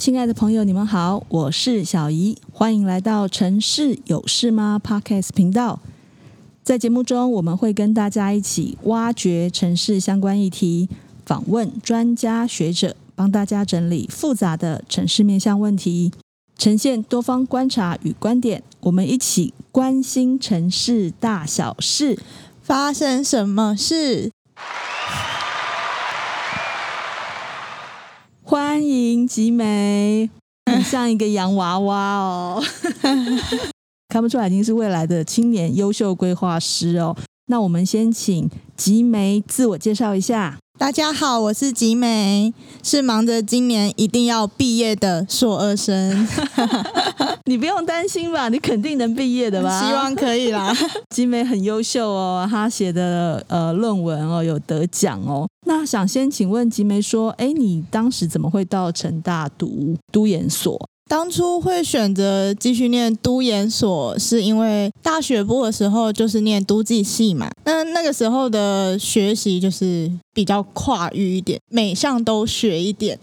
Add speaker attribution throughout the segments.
Speaker 1: 親愛的朋友，你們好，我是小怡，歡迎來到《城市有事嗎》Podcast 頻道。在節目中，我們會跟大家一起挖掘城市相關議題，訪問專家學者，幫大家整理複雜的城市面向問題，呈現多方觀察與觀點。我們一起關心城市大小事，發生什麼事？歡迎寂梅，你像一個洋娃娃哦！ 看不出來已經是未來的青年優秀規劃師哦。那我們先請寂梅自我介紹一下。大家好，我是寂梅，是忙着今年一定要畢業的碩二生。 你不用擔心吧，你肯定能畢業的吧？希望可以啦。寂 梅很優秀哦，她寫的呃論文哦有得獎哦。那想先請問寂梅說，哎，你當時怎麼會到成大讀都研所？當初會選擇繼續唸都研所，是因為大學部的時候就是唸都計系嘛。那那個時候的學習就是比較跨域一點，每項都學一點，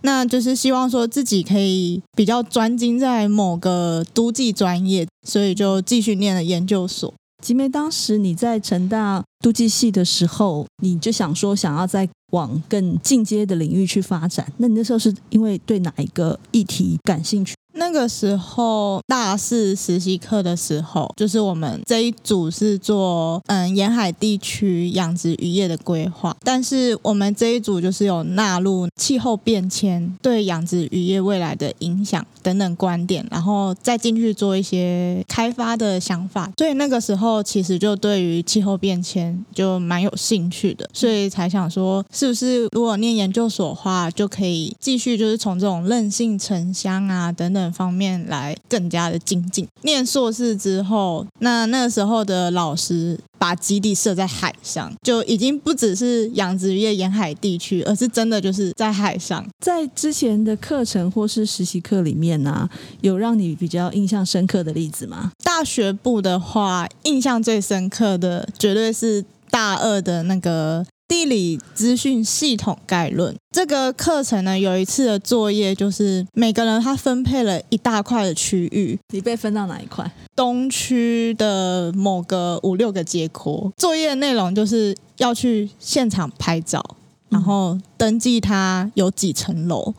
Speaker 1: 那就是希望說自己可以比較專精在某個都計專業，所以就繼續唸了研究所。寂梅，當時你在成大都計系的時候，你就想說想要再往更進階的領域去發展。那你那時候是因為對哪一個議題感興趣？那個時候大四實習課的時候，就是我們這一組是做嗯沿海地區養殖漁業的規劃，但是我們這一組就是有納入氣候變遷對養殖漁業未來的影響。等等觀點，然後再進去做一些開發的想法。所以那個時候其實就對於氣候變遷就蠻有興趣的，所以才想說，是不是如果念研究所的話，就可以繼續就是從這種韌性城鄉啊，等等方面來更加的精進。念碩士之後，那那個時候的老師。把基地設在海上，就已經不只是養殖業沿海地區，而是真的就是在海上。在之前的課程或是實習課裡面呢、啊，有讓你比較印象深刻的例子嗎？大學部的話，印象最深刻的絕對是大二的那個地理資訊系統概論這個課程呢，有一次的作業就是每個人他分配了一大塊的區域，你被分到哪一塊？東區的某個五六個街廓，作業內容就是要去現場拍照，然後登記它有幾層樓，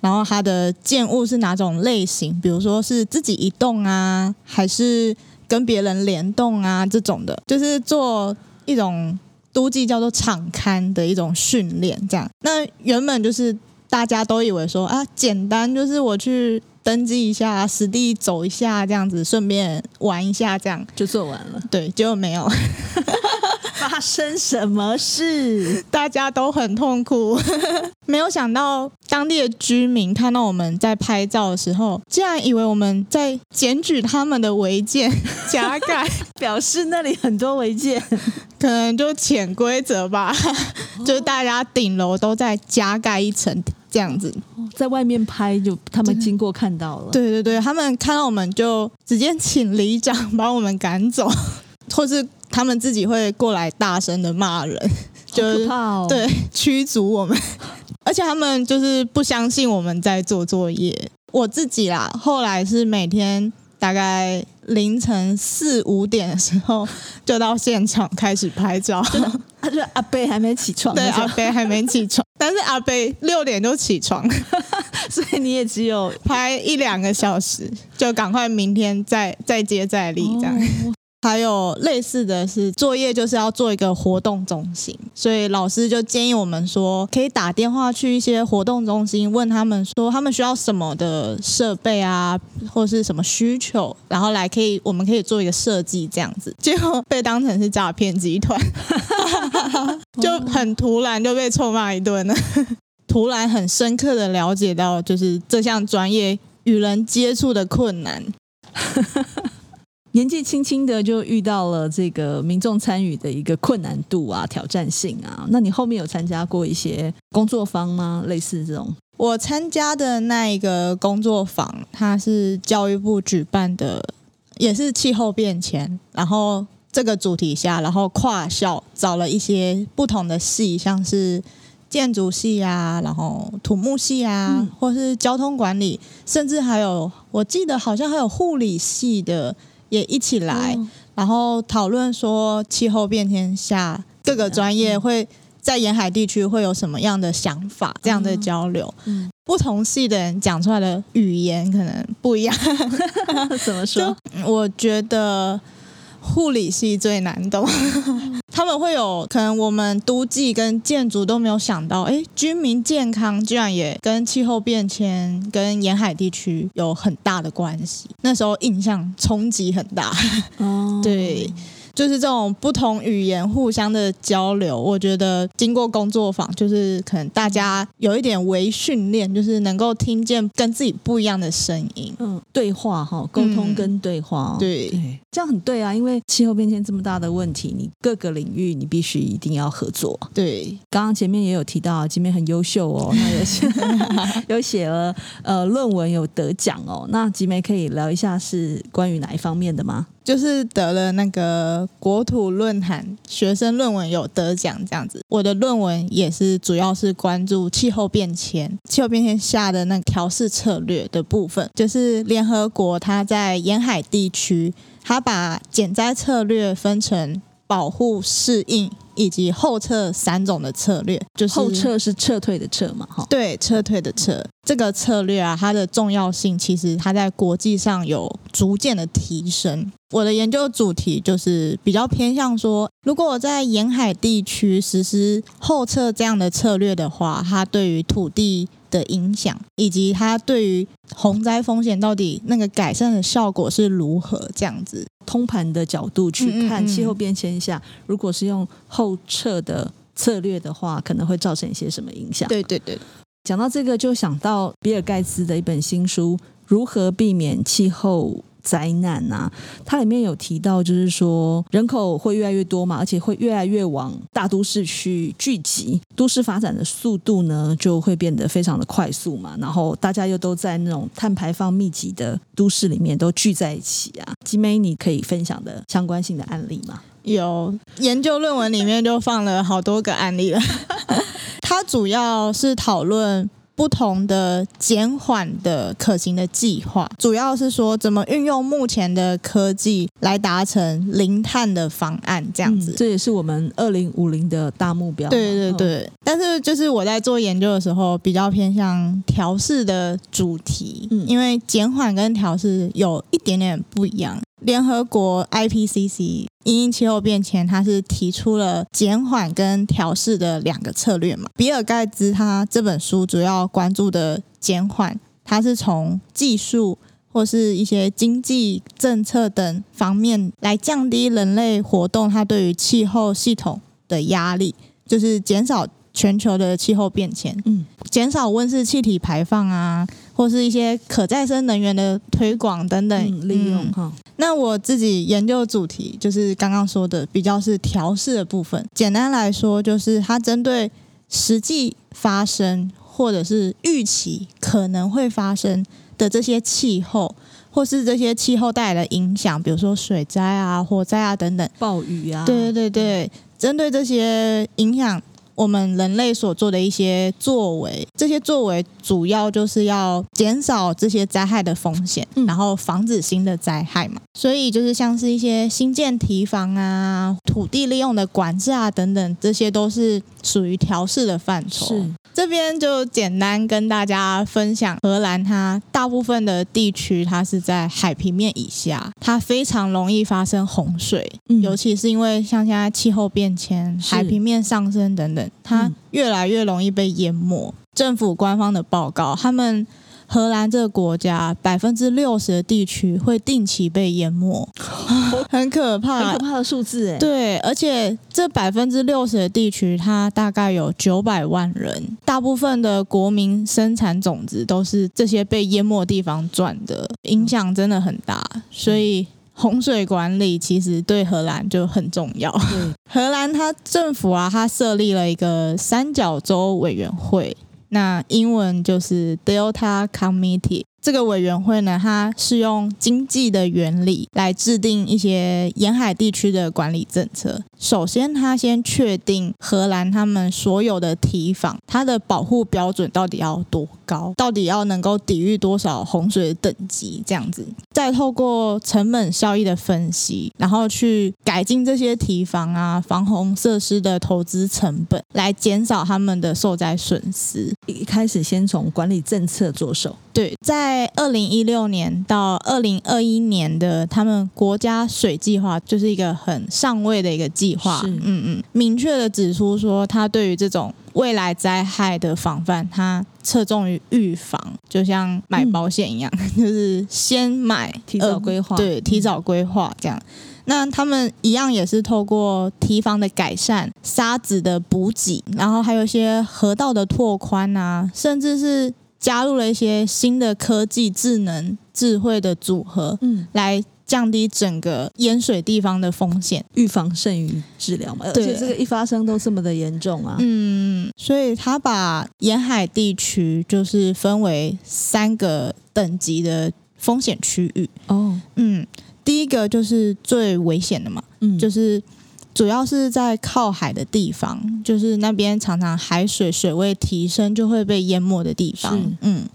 Speaker 1: 然後它的建物是哪種類型，比如說是自己一棟啊，還是跟別人聯動啊這種的，就是做一種都計叫做場勘的一種訓練。這樣，那原本就是大家都以為說啊，簡單，就是我去。登記一下，實地走一下，這樣子順便玩一下，這樣就做完了。對，就沒有。 發生什麼事？大家都很痛苦。呵呵沒有想到，當地的居民看到我們在拍照的時候，竟然以為我們在檢舉他們的違建加蓋， 表示那裡很多違建，可能就潛規則吧。Oh. 就大家頂樓都在加蓋一層，這樣子，oh. Oh. 在外面拍，就他們經過看到了。對對對，他們看到我們就直接請里長把我們趕走，或是。他們自己會過來大聲地罵人，哦、就是對驅逐我們，而且他們就是不相信我們在做作業。我自己啦，後來是每天大概凌晨四五點的時候就到現場開始拍照。他說、啊就是、阿伯還沒起床，對，阿伯還沒起床，但是阿伯六點就起床了， 所以你也只有拍一兩個小時，就趕快明天再再接再厲這樣。Oh. 還有類似的是作業，就是要做一個活動中心，所以老師就建議我們說，可以打電話去一些活動中心，問他們說他們需要什麼的設備啊，或者是什麼需求，然後來可以我們可以做一個設計這樣子。結果被當成是詐騙集團， 就很突然就被臭罵一頓了。 突然很深刻的了解到，就是這項專業與人接觸的困難。 年紀輕輕的就遇到了這個民眾參與的一個困難度啊、挑戰性啊。那你後面有參加過一些工作坊嗎？類似這種？我參加的那一個工作坊，它是教育部舉辦的，也是氣候變遷。然後這個主題下，然後跨校，找了一些不同的系，像是建築系啊，然後土木系啊、嗯，或是交通管理，甚至還有，我記得好像還有護理系的。也一起來、哦，然後討論說氣候變遷下各個專業會在沿海地區會有什麼樣的想法，嗯、這樣的交流，嗯嗯，不同系的人講出來的語言可能不一樣， 怎麼說？我覺得。護理系最難懂，他們會有可能我們都計跟建築都沒有想到，哎、欸，居民健康居然也跟氣候變遷、跟沿海地區有很大的關係。那時候印象衝擊很大，哦、對。就是這種不同語言互相的交流，我覺得經過工作坊，就是可能大家有一點微訓練，就是能夠聽見跟自己不一樣的聲音。嗯，對話哈、哦，溝通跟對話、哦嗯對。對，這樣很對啊，因為氣候變遷這麼大的問題，你各個領域你必須一定要合作。對，剛剛前面也有提到寂梅很優秀哦，那也是有寫 了呃論文，有得獎哦。那寂梅可以聊一下是關於哪一方面的嗎？就是得了那個國土論壇學生論文有得獎這樣子，我的論文也是主要是關注氣候變遷，氣候變遷下的那調適策略的部分，就是聯合國它在沿海地區，它把減災策略分成保護、適應。以及後撤三種的策略，就是後撤是撤退的撤嘛，哈，對，撤退的撤。嗯，這個策略啊，它的重要性其實它在國際上有逐漸的提升。我的研究主題就是比較偏向說，如果我在沿海地區實施後撤這樣的策略的話，它對於土地的影響，以及它對於洪災風險到底那個改善的效果是如何這樣子。通盤的角度去看氣候變遷下，嗯嗯嗯，如果是用後撤的策略的話，可能會造成一些什麼影響？對對對，講到這個就想到比爾蓋茨的一本新書《如何避免氣候》。災難啊，它裡面有提到，就是說人口會越來越多嘛，而且會越來越往大都市去聚集，都市發展的速度呢就會變得非常的快速嘛。然後大家又都在那種碳排放密集的都市裡面都聚在一起啊，寂梅，你可以分享的相關性的案例嗎？有研究論文裡面就放了好多個案例了， 它主要是討論。不同的減緩的可行的計劃，主要是說怎麼運用目前的科技來達成零碳的方案，這樣子、嗯。這也是我們二零五零的大目標。對對對、哦，但是就是我在做研究的時候，比較偏向調適的主題，嗯、因為減緩跟調適有一點點不一樣。聯合國 IPCC 因應氣候變遷，它是提出了減緩跟調適的兩個策略嘛。比爾蓋茨他這本書主要關注的減緩，它是從技術或是一些經濟政策等方面來降低人類活動它對於氣候系統的壓力，就是減少全球的氣候變遷，嗯，減少溫室氣體排放啊。或是一些可再生能源的推廣等等、嗯嗯、利用哈。那我自己研究主題就是剛剛說的，比較是調適的部分。簡單來說，就是它針對實際發生或者是預期可能會發生的這些氣候，或是這些氣候帶來的影響，比如說水災啊、火災啊等等，暴雨啊。對對對對，針對這些影響。我們人類所做的一些作為，這些作為主要就是要減少這些災害的風險，然後防止新的災害嘛。所以就是像是一些新建堤防啊、土地利用的管制啊等等，這些都是。屬於調適的範疇。這邊就簡單跟大家分享，荷蘭它大部分的地區它是在海平面以下，它非常容易發生洪水，嗯、尤其是因為像現在氣候變遷、海平面上升等等，它越來越容易被淹沒。嗯、政府官方的報告，他們。荷蘭這個國家，百分之六十的地區會定期被淹沒，很可怕，很可怕的數字，哎、欸。對，而且這百分之六十的地區，它大概有九百萬人，大部分的國民生產種子都是這些被淹沒的地方賺的，影響真的很大。所以洪水管理其實對荷蘭就很重要。荷蘭它政府啊，它設立了一個三角洲委員會。那英文就是 Delta Committee，這個委員會呢，它是用經濟的原理來制定一些沿海地區的管理政策。首先，它先確定荷蘭他們所有的堤防，它的保護標準到底要多。高到底要能夠抵禦多少洪水等級這樣子，再透過成本效益的分析，然後去改進這些堤防啊、防洪設施的投資成本，來減少他們的受災損失。一開始先從管理政策着手。對，在二零一六年到二零二一年的他們國家水計劃，就是一個很上位的一個計劃。是嗯嗯，明確的指出說，他對於這種。未來災害的防範，它側重於預防，就像買保險一樣，嗯、就是先買，提早規劃，對，提早規劃這樣，嗯。那他們一樣也是透過堤防的改善、沙子的補給，然後還有一些河道的拓寬啊，甚至是加入了一些新的科技、智能、智慧的組合，嗯，來。降低整個淹水地方的風險，預防勝於治療嘛，對。而且這個一發生都這麼的嚴重啊。嗯，所以他把沿海地區就是分為三個等級的風險區域。哦，嗯，第一個就是最危險的嘛，嗯，就是主要是在靠海的地方，就是那邊常常海水水位提升就會被淹沒的地方。嗯。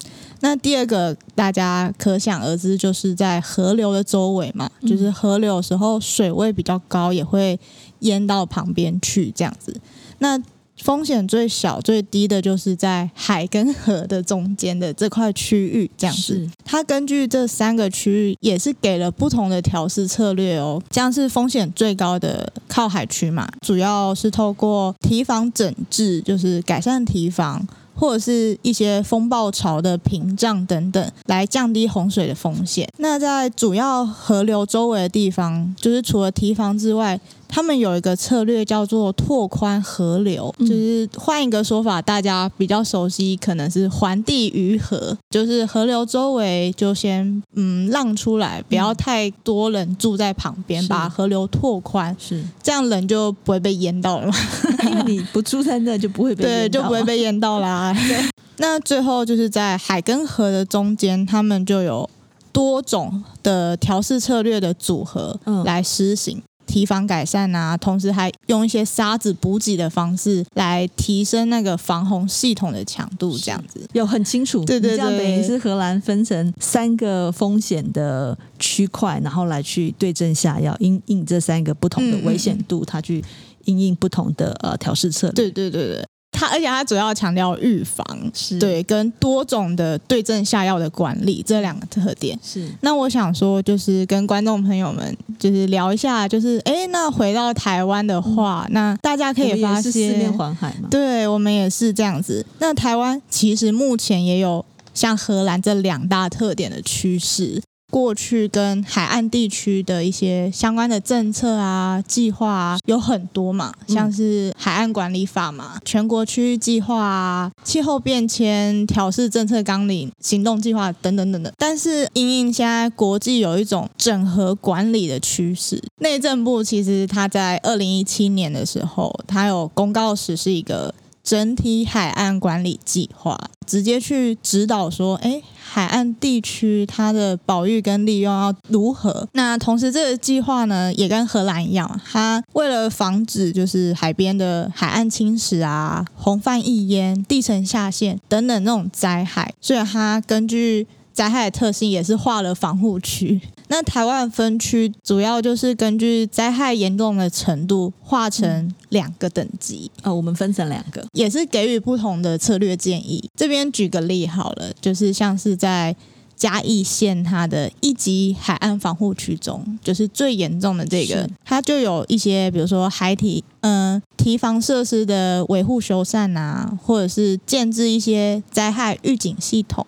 Speaker 1: 那第二個，大家可想而知，就是在河流的周圍嘛，嗯，就是河流的時候水位比較高，也會淹到旁邊去這樣子。那風險最小，最低的就是在海跟河的中間的這塊區域，這樣子。它根據這三個區域，也是給了不同的調適策略哦。像是風險最高的靠海區嘛，主要是透過堤防整治，就是改善堤防。或者是一些風暴潮的屏障等等，來降低洪水的風險。那在主要河流周圍的地方，就是除了堤防之外，他們有一個策略叫做拓寬河流，嗯、就是換一個說法，大家比較熟悉，可能是還地於河，就是河流周圍就先嗯讓出來，不要太多人住在旁邊，嗯，把河流拓寬，是這樣，人就不會被淹到了， 因為你不住在那就不會被淹到對，就不會被淹到啦。 那最後就是在海跟河的中間，他們就有多種的調適策略的組合來施行。嗯堤防改善啊，同時還用一些沙子補給的方式來提升那個防洪系統的強度，這樣子有很清楚。對對對，你這樣等於荷蘭分成三個風險的區塊，然後來去對症下藥，因應這三個不同的危險度，嗯嗯它去因應不同的呃調試策略。對對對對。它而且它主要強調預防，是對跟多種的對症下藥的管理這兩個特點。是那我想說，就是跟觀眾朋友們就是聊一下，就是哎、欸，那回到台灣的話、嗯，那大家可以發現，我也是四面環海嗎？對，我們也是這樣子。那台灣其實目前也有像荷蘭這兩大特點的趨勢。過去跟海岸地區的一些相關的政策啊、計劃啊有很多嘛，像是海岸管理法嘛、全國區域計劃啊、氣候變遷調適政策綱領、行動計劃等等等等。但是，因應現在國際有一種整合管理的趨勢，內政部其實它在二零一七年的時候，它有公告時是一個。整體海岸管理計劃直接去指導說，誒，海岸地區它的保育跟利用要如何？那同時這個計劃呢，也跟荷蘭一樣，它為了防止就是海邊的海岸侵蝕啊、洪泛溢淹、地層下陷等等那種災害，所以它根據災害的特性也是劃了防護區。那台灣分區主要就是根據災害嚴重的程度，劃成兩個等級啊。我們分成兩個，也是給予不同的策略建議。這邊舉個例好了，就是像是在嘉義縣它的一級海岸防護區中，就是最嚴重的這個，它就有一些，比如說海堤、嗯堤防設施的維護修繕啊，或者是建置一些災害預警系統，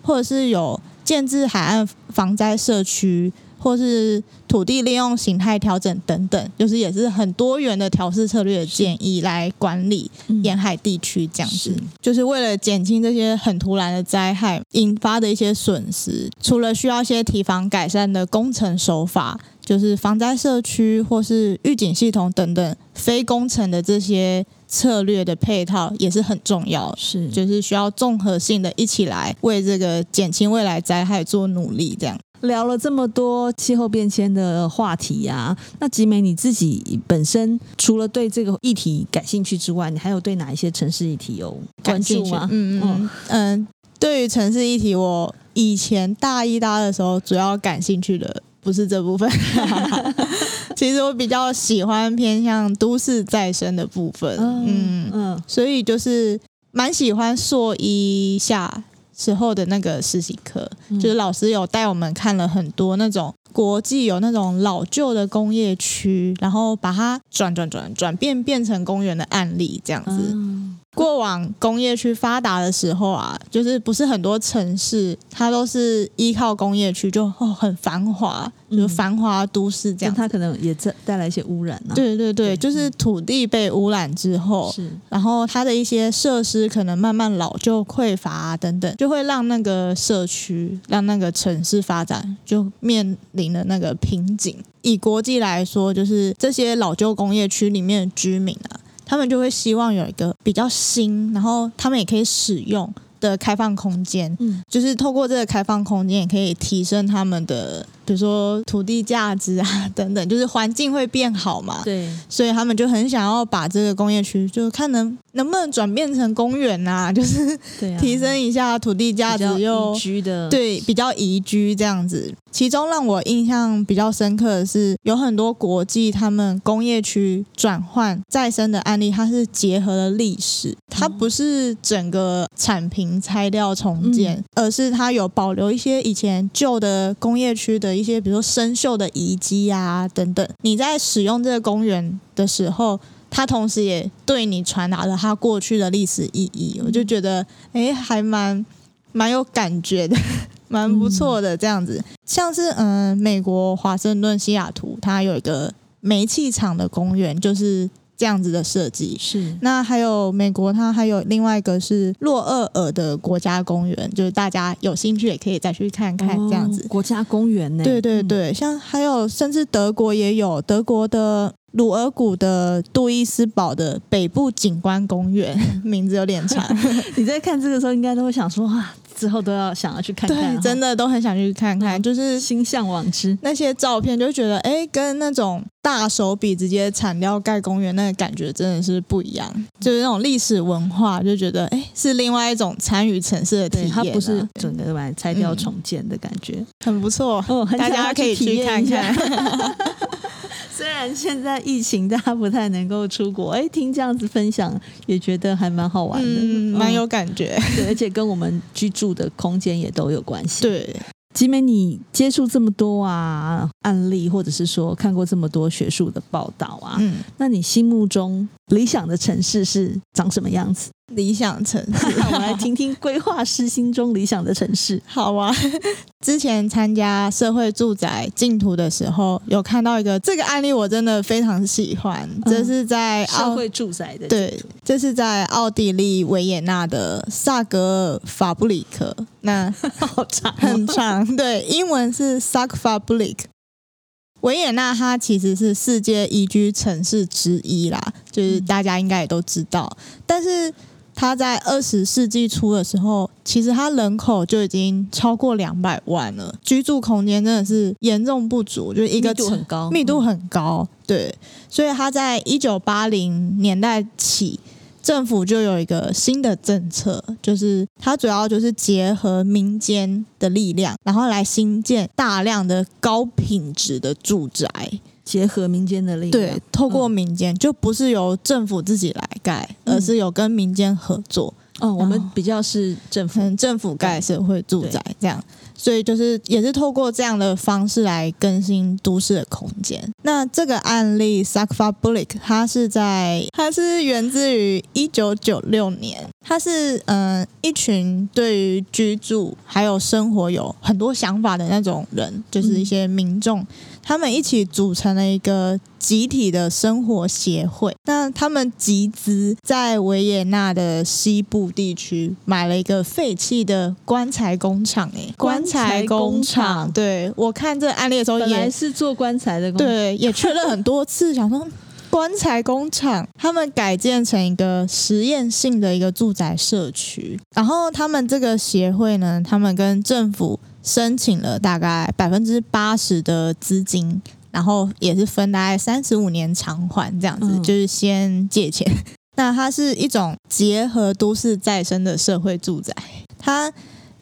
Speaker 1: 或者是有建置海岸。防災社區，或是土地利用形態調整等等，就是也是很多元的調適策略的建議，來管理沿海地區這樣子，嗯，就是為了減輕這些很突然的災害引發的一些損失。除了需要一些提防改善的工程手法，就是防災社區或是預警系統等等非工程的這些。策略的配套也是很重要，是就是需要綜合性的一起來為這個減輕未來災害做努力。這樣聊了這麼多氣候變遷的話題呀、啊，那寂梅你自己本身除了對這個議題感興趣之外，你還有對哪一些城市議題有關注嗎？嗯嗯嗯，嗯嗯對於城市議題，我以前大一大二的時候主要感興趣的不是這部分。 其實我比較喜歡偏向都市再生的部分，嗯嗯，所以就是蠻喜歡碩一下時候的那個實習課，嗯，就是老師有帶我們看了很多那種國際有那種老舊的工業區，然後把它轉轉轉轉，轉變變成公園的案例這樣子。嗯過往工業區發達的時候啊，就是不是很多城市，它都是依靠工業區，就很繁華，比如繁華都市這樣。嗯、它可能也帶帶來一些污染啊。對對對，對，就是土地被污染之後，是、嗯、然後它的一些設施可能慢慢老舊、匱乏啊等等，就會讓那個社區、讓那個城市發展就面臨的那個瓶頸。以國際來說，就是這些老舊工業區裡面居民啊。他們就會希望有一個比較新，然後他們也可以使用的開放空間，嗯，就是透過這個開放空間也可以提升他們的。比如說土地價值啊，等等，就是環境會變好嘛。對，所以他們就很想要把這個工業區，就看能能不能轉變成公園啊，就是、啊、提升一下土地價值，的，對，比較宜居，居這樣子。其中讓我印象比較深刻的是，有很多國際他們工業區轉換再生的案例，它是結合了歷史，它不是整個鏟平、拆掉、重建、嗯，而是它有保留一些以前舊的工業區的。一些比如說生銹的遺跡啊等等，你在使用這個公園的時候，它同時也對你傳達了它過去的歷史意義。嗯、我就覺得，哎，還蠻蠻有感覺的，蠻不錯的、嗯、這樣子。像是嗯、呃，美國華盛頓西雅圖，它有一個煤氣廠的公園，就是。這樣子的設計是，那還有美國，它還有另外一個是洛厄爾的國家公園，就是大家有興趣也可以再去看看這樣子。哦，國家公園呢。對對對，嗯，像還有甚至德國也有德國的。魯爾谷的杜伊斯堡的北部景觀公園，名字有點長。 你在看這個時候，應該都會想說啊，之後都要想要去看看。真的都很想去看看，就是心嚮往之。那些照片就覺得，哎、欸，跟那種大手筆直接鏟掉蓋公園那個感覺真的是不一樣。嗯、就是那種歷史文化，就覺得哎、欸，是另外一種參與城市的體驗、啊。它不是對整個把它拆掉重建的感覺，嗯、很不錯、哦。大家可以去看一下。 現在疫情，大家不太能夠出國。哎，聽這樣子分享，也覺得還蠻好玩的，嗯、蠻有感覺、哦。對，而且跟我們居住的空間也都有關係。對，寂梅，你接觸這麼多啊案例，或者是說看過這麼多學術的報道啊，嗯，那你心目中理想的城市是長什麼樣子？理想城市， 我們來聽聽規劃師心中理想的城市。 好啊，之前參加社會住宅競圖的時候，有看到一個這個案例，我真的非常喜歡。這是在奧、嗯、社會住宅的，對，這是在奧地利維也納的薩格法布裡克。那 好長、哦，很長。對，英文是 Sargfabrik。維也納它其實是世界宜居城市之一啦，就是大家應該也都知道，嗯、但是。他在二十世紀初的時候，其實他人口就已經超過兩百萬了，居住空間真的是嚴重不足，就是一個密度很高，密度很高，對。所以他在一九八零年代起，政府就有一個新的政策，就是它主要就是結合民間的力量，然後來新建大量的高品質的住宅。結合民間的力量，對，透過民間、嗯、就不是由政府自己來蓋，而是有跟民間合作。嗯，哦、我們比較是政府，嗯、政府蓋社會住宅這樣，所以就是也是透過這樣的方式來更新都市的空間。那這個案例 Sargfabrik 它是在，它是源自於一九九六年。他是嗯、呃，一群對於居住還有生活有很多想法的那種人，就是一些民眾、嗯，他們一起組成了一個集體的生活協會。那他們集資在維也納的西部地區買了一個廢棄的棺材工廠，哎，棺材工廠。對。我看這案例的時候也，也是做棺材的，工廠，對，也確認很多次，想說。 棺材工廠，他們改建成一個實驗性的一個住宅社區。然後他們這個協會呢，他們跟政府申請了大概百分之八十的資金，然後也是分大概三十五年償還這樣子，嗯，就是先借錢。那它是一種結合都市再生的社會住宅，它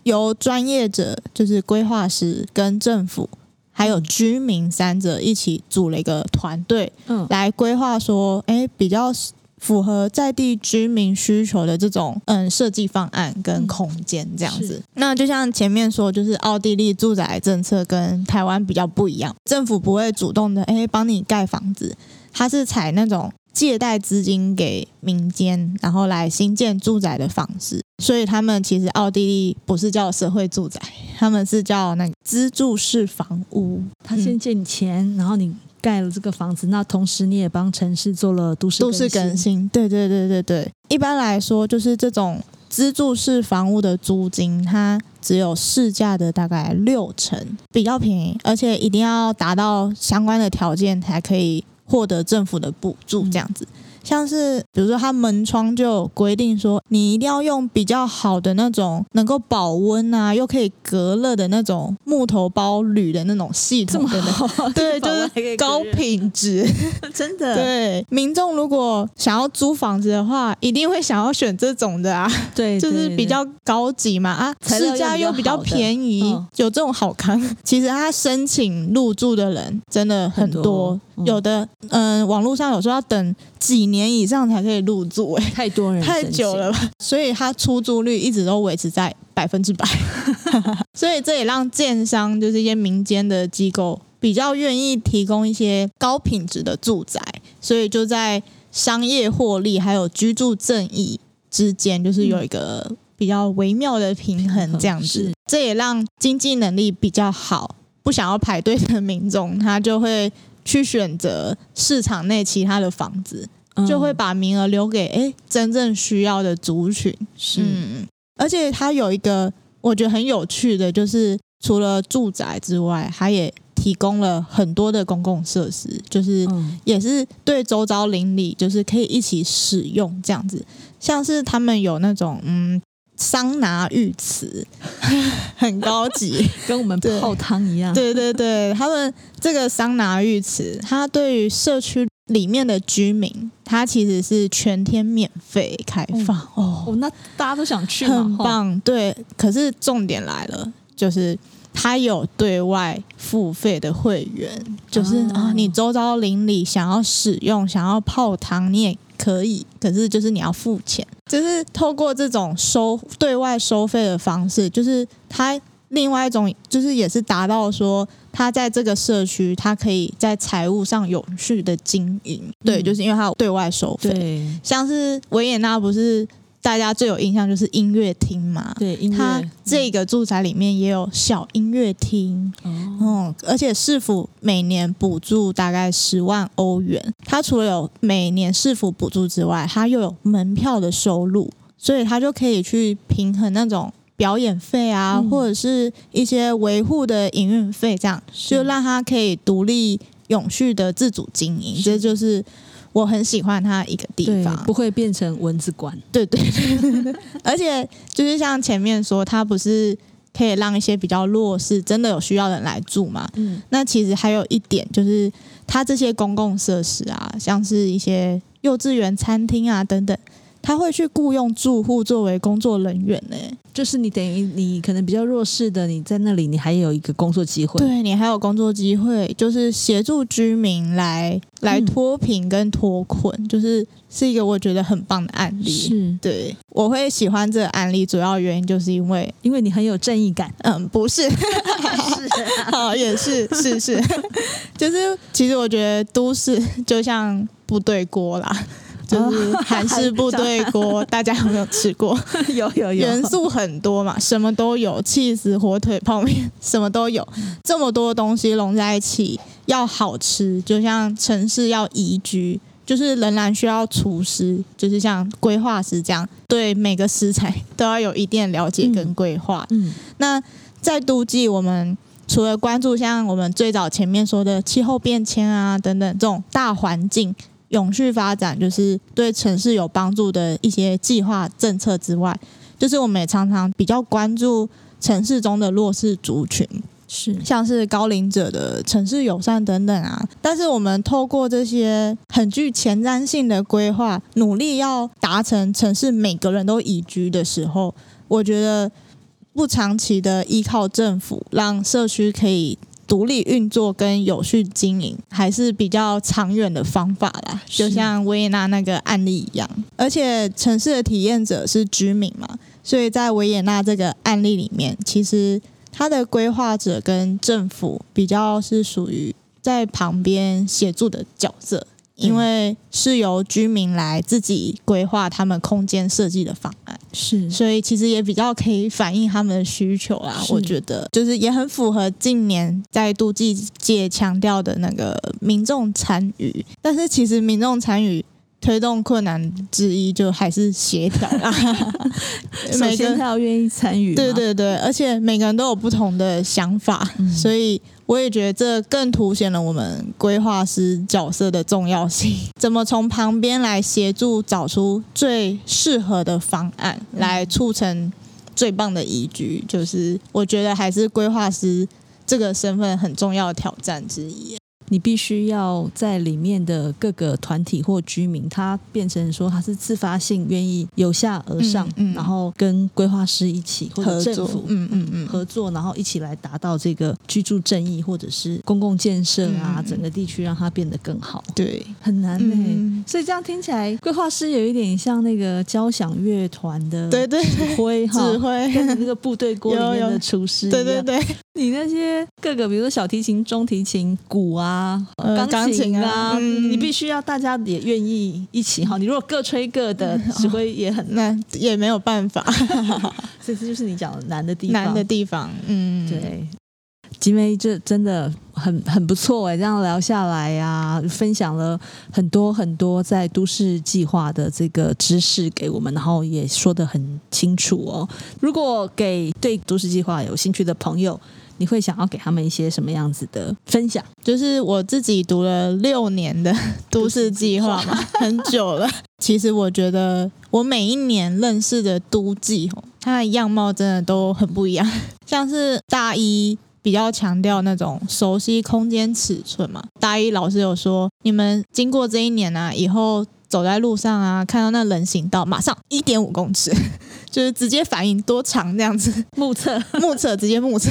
Speaker 1: 由專業者，就是規劃師跟政府。還有居民三者一起組了一個團隊，嗯，來規劃說，誒、欸，比較符合在地居民需求的這種，嗯，設計方案跟空間這樣子、嗯。那就像前面說，就是奧地利住宅政策跟台灣比較不一樣，政府不會主動的，誒，幫、欸、你蓋房子，它是採那種借貸資金給民間，然後來新建住宅的方式。所以他們其實奧地利不是叫社會住宅。他們是叫那資助式房屋、嗯，他先借你錢，然後你蓋了這個房子，那同時你也幫城市做了都市更新。都市更新，對對對對對。一般來說，就是這種資助式房屋的租金，它只有市價的大概六成，比較便宜，而且一定要達到相關的條件才可以獲得政府的補助、嗯，這樣子。像是，比如說，它門窗就有規定說，你一定要用比較好的那種能夠保溫啊，又可以隔熱的那種木頭包鋁的那種系統，對對，就是高品質， 真的。對，民眾如果想要租房子的話，一定會想要選這種的啊。對，對，對，對，就是比較高級嘛啊，私家又比較便宜、哦，有這種好康。其實他申請入住的人真的很多。很多有的，嗯，網絡上有說要等幾年以上才可以入住，哎，太多人，太久了吧？所以它出租率一直都維持在百分之百， 所以這也讓建商就是一些民間的機構比較願意提供一些高品質的住宅，所以就在商業獲利還有居住正義之間，就是有一個比較微妙的平衡這樣子。這也讓經濟能力比較好、不想要排隊的民眾，他就會。去選擇市場內其他的房子，嗯、就會把名額留給誒、欸、真正需要的族群、嗯。是，而且它有一個我覺得很有趣的，就是除了住宅之外，它也提供了很多的公共設施，就是、嗯、也是對周遭鄰里，就是可以一起使用這樣子。像是他們有那種嗯。桑拿浴池很高級， 跟我們泡湯一樣。對，對對對，他們這個桑拿浴池，它對於社區裡面的居民，它其實是全天免費開放哦，哦，哦，哦。那大家都想去，很棒，哦。對，可是重點來了，就是它有對外付費的會員，就是啊，你周遭鄰里想要使用、想要泡湯，你也可以，可是就是你要付錢。就是透過這種收對外收費的方式，就是他另外一種，就是也是達到說，他在這個社區，他可以在財務上永續的經營。對，就是因為他有對外收費，對，像是維也納不是。大家最有印象就是音樂廳嘛，對，音樂廳，他這個住宅裡面也有小音樂廳，哦、嗯嗯，而且市府每年補助大概十萬歐元。他除了有每年市府補助之外，他又有門票的收入，所以他就可以去平衡那種表演費啊，嗯、或者是一些維護的營運費，這樣就讓他可以獨立、永續的自主經營。這、嗯、就，就是。我很喜歡它一個地方，不會變成蚊子館。對對，對， 而且就是像前面說，它不是可以讓一些比較弱勢、真的有需要的人來住嘛、嗯？那其實還有一點就是，它這些公共設施啊，像是一些幼稚園、餐廳啊等等。他會去雇用住戶作為工作人員呢、欸，就是你等於你可能比較弱勢的，你在那裡你還有一個工作機會，對你還有工作機會，就是協助居民來來脫貧跟脫困、嗯，就是是一個我覺得很棒的案例。是，對，我會喜歡這個案例，主要原因就是因為因為你很有正義感。嗯，不是， 好是、啊好，也是，是是， 就是其實我覺得都市就像部隊鍋啦。
Speaker 2: 就是韓式部隊鍋、
Speaker 1: 哦，大家有沒有吃過？ 有有有，元素很多嘛，什麼都有氣死火腿、泡麵，什麼都有。這麼多東西融在一起，要好吃，就像城市要宜居，就是仍然需要廚師，就是像規劃師這樣，對每個食材都要有一定的了解跟規劃。嗯，嗯，那在冬季，我們除了關注像我們最早前面說的氣候變遷啊等等這種大環境。永續發展就是對城市有幫助的一些計劃政策之外，就是我們也常常比較關注城市中的弱勢族群，是像是高齡者的城市友善等等啊。但是我們透過這些很具前瞻性的規劃，努力要達成城市每個人都宜居的時候，我覺得不長期的依靠政府，讓社區可以。獨立運作跟有序經營還是比較長遠的方法啦，就像維也納那個案例一樣。而且城市的體驗者是居民嘛，所以在維也納這個案例裡面，其實它的規劃者跟政府比較是屬於在旁邊協助的角色。因為是由居民來自己規劃他們空間設計的方案，是，所以其實也比較可以反映他們的需求啦。我覺得就是也很符合近年在都計界強調的那個民眾參與，但是其實民眾參與推動困難之一就還是協調啊。
Speaker 2: 每個人都要
Speaker 1: 願意參與， 對，對對對，而且每個人都有不同的想法，嗯、所以。我也覺得這更凸顯了我們規劃師角色的重要性。怎麼從旁邊來協助找出最適合的方案，嗯，來促成最棒的宜居，就是我覺得還是規劃師這個身份很重要的挑戰之一。你必須要在裡面的各個團體或居民，他變成說他是自發性願意由下而上，嗯嗯、然後跟規劃師一起或者政府，嗯嗯嗯合作，然後一起來達到這個居住正義或者是公共建設啊、嗯，整個地區讓它變得更好。對，很難哎、欸嗯。所以這樣聽起來，規劃師有一點像那個交響樂團的指揮哈，跟那個部隊鍋裡面的廚師對，對對對，你那些各個，比如說小提琴、中提琴、鼓啊。啊、嗯，鋼琴啊，嗯琴啊嗯、你必須要大家也願意一起哈。你如果各吹各的，指、嗯、揮、哦、也很難，也沒有辦法。 這就是你講的難的地方，難的地方。嗯，對。寂梅，這真的很很不錯哎、欸。這樣聊下來呀、啊，分享了很多很多在都市計劃的這個知識給我們，然後也說的很清楚哦。如果給對都市計劃有興趣的朋友。你會想要給他們一些什麼樣子的分享？就是我自己讀了六年的都市計劃嘛，很久了。其實我覺得我每一年認識的都計，它的樣貌真的都很不一樣。像是大一比較強調那種熟悉空間尺寸嘛，大一老師有說，你們經過這一年啊，以後走在路上啊，看到那人行道，馬上一點五公尺，就是直接反應多長這樣子，目測目測直接目測。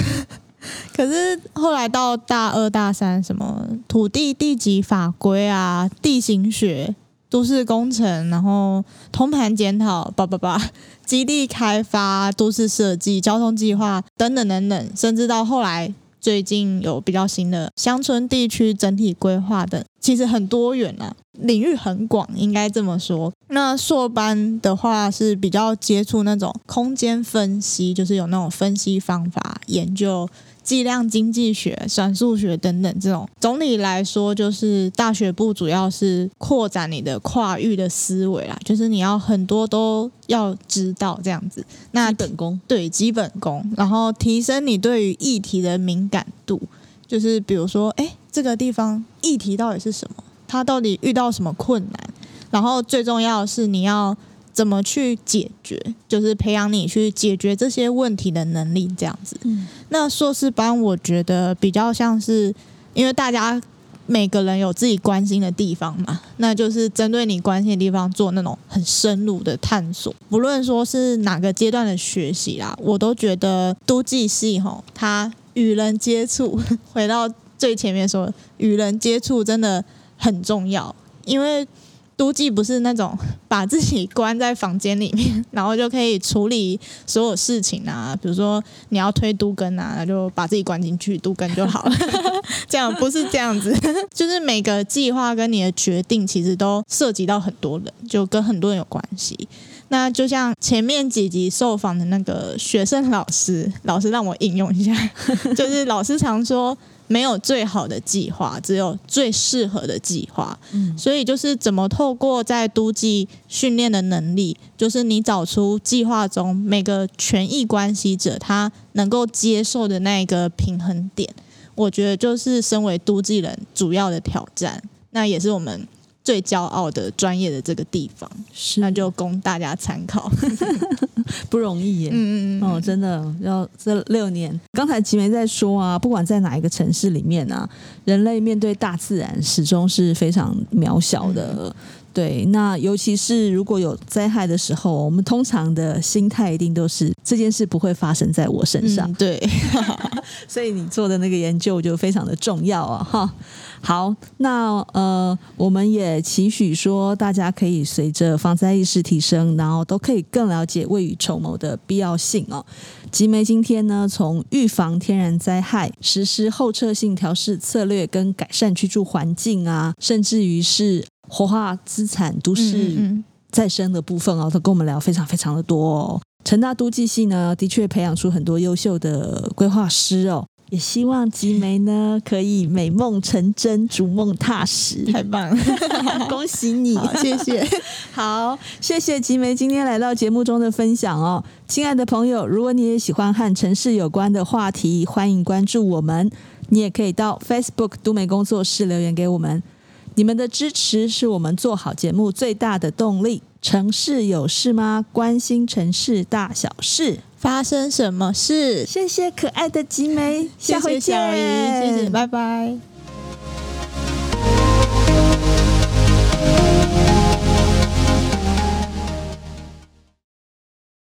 Speaker 1: 可是後來到大二大三，什麼土地地籍法規啊、地形學、都市工程，然後通盤檢討，叭叭叭，基地開發、都市設計、交通計劃等等等等，甚至到後來最近有比較新的鄉村地區整體規劃等，其實很多元啊，領域很廣，應該這麼說。那碩班的話是比較接觸那種空間分析，就是有那種分析方法研究。計量經濟學、算數學等等，這種總體來說就是大學部主要是擴展你的跨域的思維啦，就是你要很多都要知道這樣子。那基本功對基本功，然後提升你對於議題的敏感度，就是比如說，哎，這個地方議題到底是什麼？它到底遇到什麼困難？然後最重要的是你要，怎麼去解決？就是培養你去解決這些問題的能力，這樣子，嗯。那碩士班我覺得比較像是，因為大家每個人有自己關心的地方嘛，那就是針對你關心的地方做那種很深入的探索。不論說是哪個階段的學習啦，我都覺得都計系吼，它與人接觸，回到最前面說，與人接觸真的很重要，因為。都計不是那種把自己關在房間裡面，然後就可以處理所有事情啊。比如說你要推都更啊，那就把自己關進去，都更就好了。 這樣不是這樣子，就是每個計劃跟你的決定，其實都涉及到很多人，就跟很多人有關係。那就像前面幾集受訪的那個學生老師，老師讓我引用一下， 就是老師常說，沒有最好的計劃，只有最適合的計劃。嗯。所以就是怎麼透過在都計訓練的能力，就是你找出計劃中每個權益關係者他能夠接受的那個平衡點。我覺得就是身為都計人主要的挑戰，那也是我們。最驕傲的專業的這個地方，是那就供大家參考， 不容易耶。嗯嗯，嗯哦，真的，要這六年。剛才寂梅在說啊，不管在哪一個城市裡面啊，人類面對大自然始終是非常渺小的。嗯、對，那尤其是如果有災害的時候，我們通常的心態一定都是這件事不會發生在我身上。嗯、對， 所以你做的那個研究就非常的重要啊，哈。好，那呃，我們也期許說，大家可以隨着防災意識提升，然後都可以更了解未雨綢繆的必要性哦。寂梅今天呢，從預防天然災害、實施後撤性調適策略，跟改善居住環境啊，甚至於是活化資產、都市再生的部分哦、嗯嗯，都跟我們聊非常非常的多哦。成大都計系呢，的確培養出很多優秀的規劃師哦。也希望寂梅呢，可以美夢成真，築夢踏實，太棒了！ 恭喜你，謝謝， 好，謝謝寂梅今天來到節目中的分享哦，親愛的朋友，如果你也喜歡和城市有關的話題，歡迎關注我們，你也可以到 Facebook 都媒工作室留言給我們，你們的支持是我們做好節目最大的動力。城市有事嗎？關心城市大小事。發生什麼事？謝謝可愛的寂梅，下回見，謝謝小姨，謝謝，拜拜。